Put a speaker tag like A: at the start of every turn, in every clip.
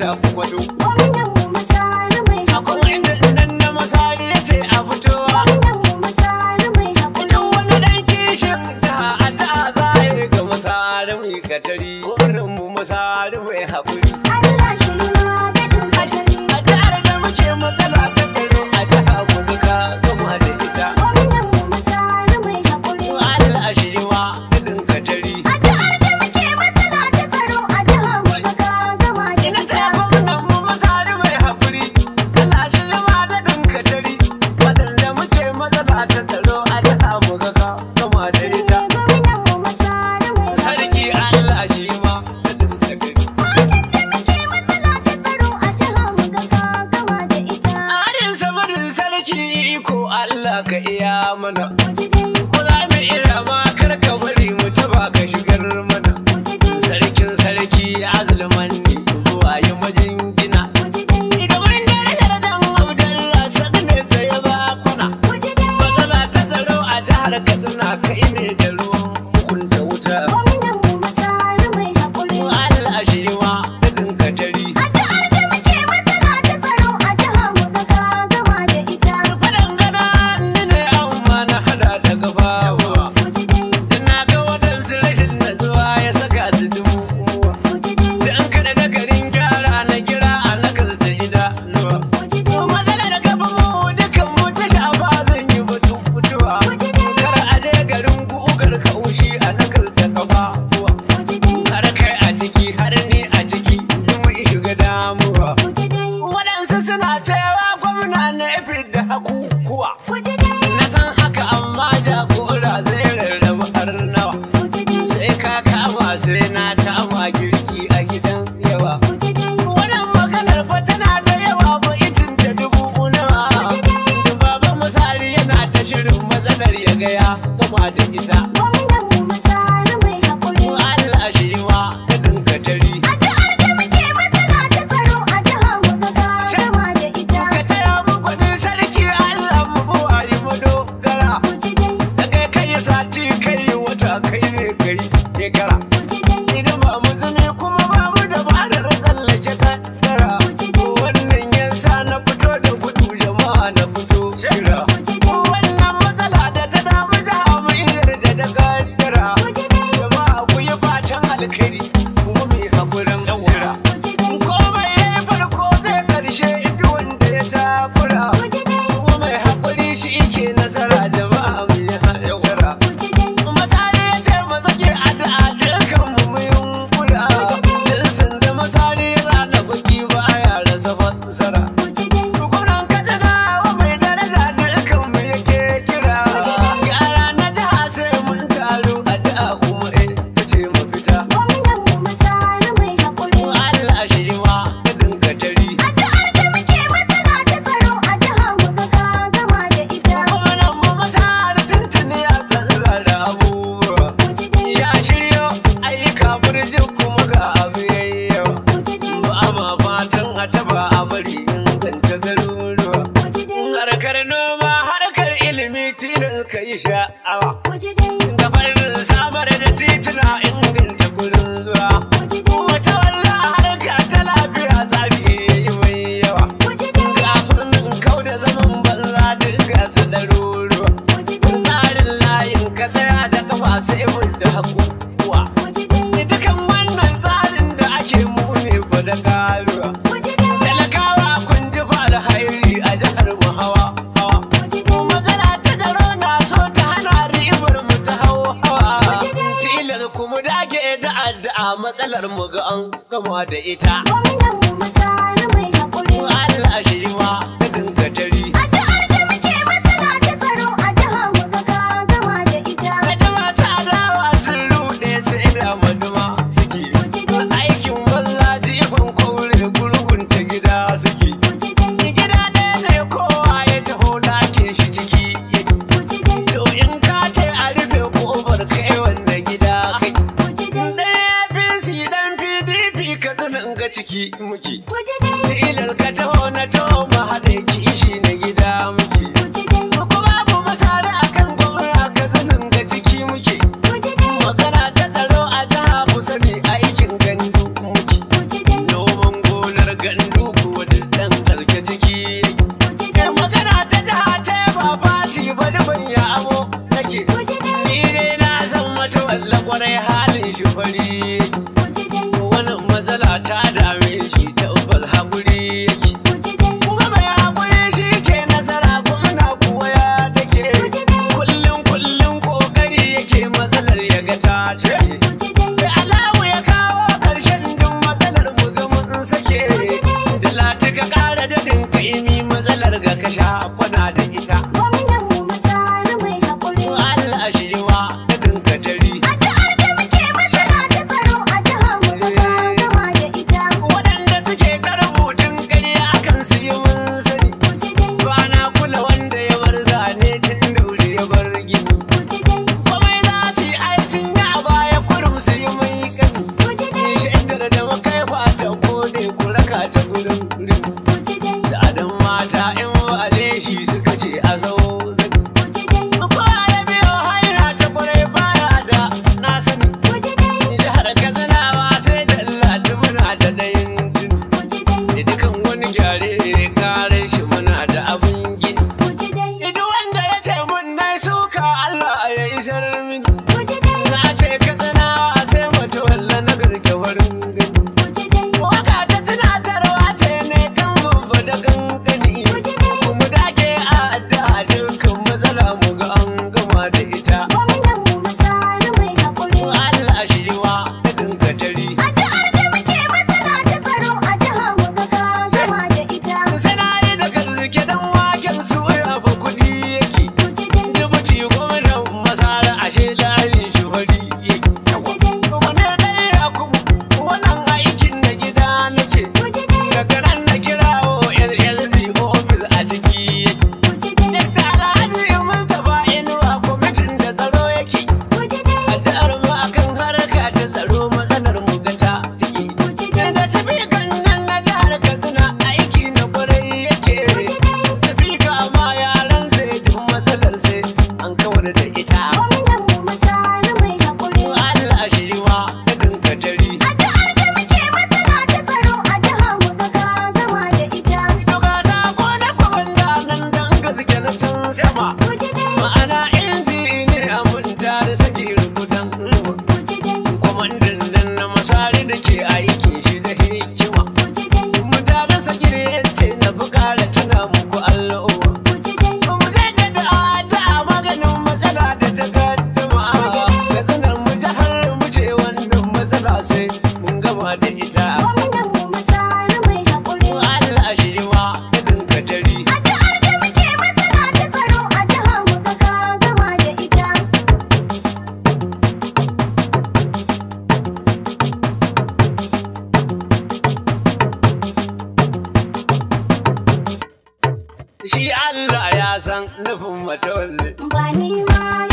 A: yourself what you ka iya mana ko za mu iya ma kar ka bari mu taba ka shigar mana sarkin sarki azulman ne ruwaye majinki Wait. 可以学，安爸。a matsalar mu ga an gama da ita. Gwamnan mu misali mai haƙuri. Allah shi ma. ka wani ma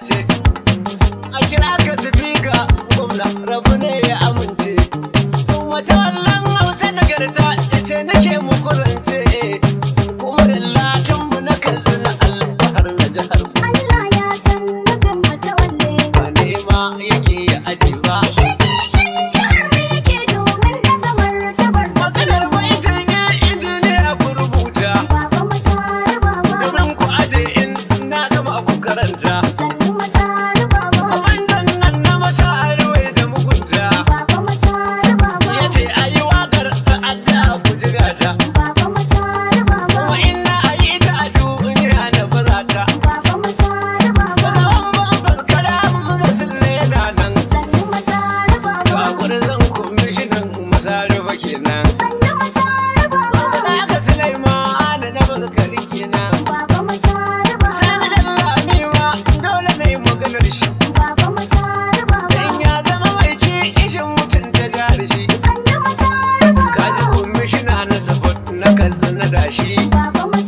A: magic. Vamos